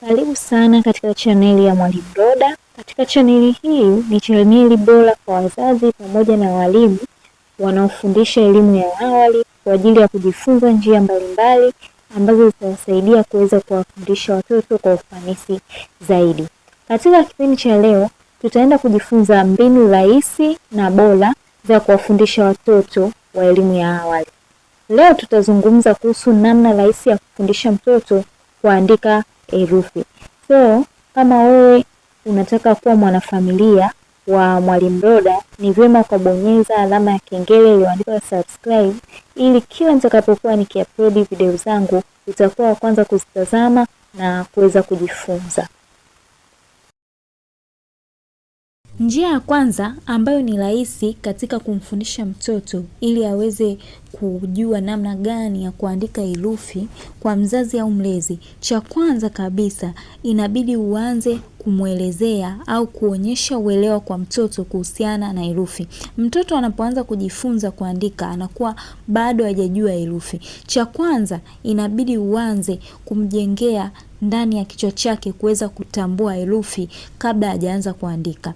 Karibu sana katika chaneli ya Mwalimu Roda. Katika chaneli hii ni chaneli bora kwa wazazi pamoja na walimu wanaofundisha elimu ya awali kwa ajili ya kujifunza njia mbalimbali ambazo zitawasaidia kuweza kuwafundisha watoto kwa ufanisi zaidi. Katika kipindi cha leo, tutaenda kujifunza mbinu rahisi na bora za kuwafundisha watoto wa elimu ya awali. Leo tutazungumza kuhusu namna rahisi ya kufundisha mtoto kuandika herufi. So kama wewe unataka kuwa mwanafamilia wa Mwalimu Roda, ni vyema ukabonyeza alama ya kengele iliyoandikwa subscribe, ili kila nitakapokuwa nikiupload video zangu utakuwa wa kwanza kuzitazama na kuweza kujifunza. Njia ya kwanza ambayo ni rahisi katika kumfundisha mtoto ili aweze kujua namna gani ya kuandika herufi kwa mzazi au mlezi, cha kwanza kabisa inabidi uanze kumwelezea au kuonyesha uelewa kwa mtoto kuhusiana na herufi. Mtoto anapoanza kujifunza kuandika anakuwa bado hajajua herufi. Cha kwanza inabidi uanze kumjengea ndani ya kichwa chake kuweza kutambua herufi kabla hajaanza kuandika.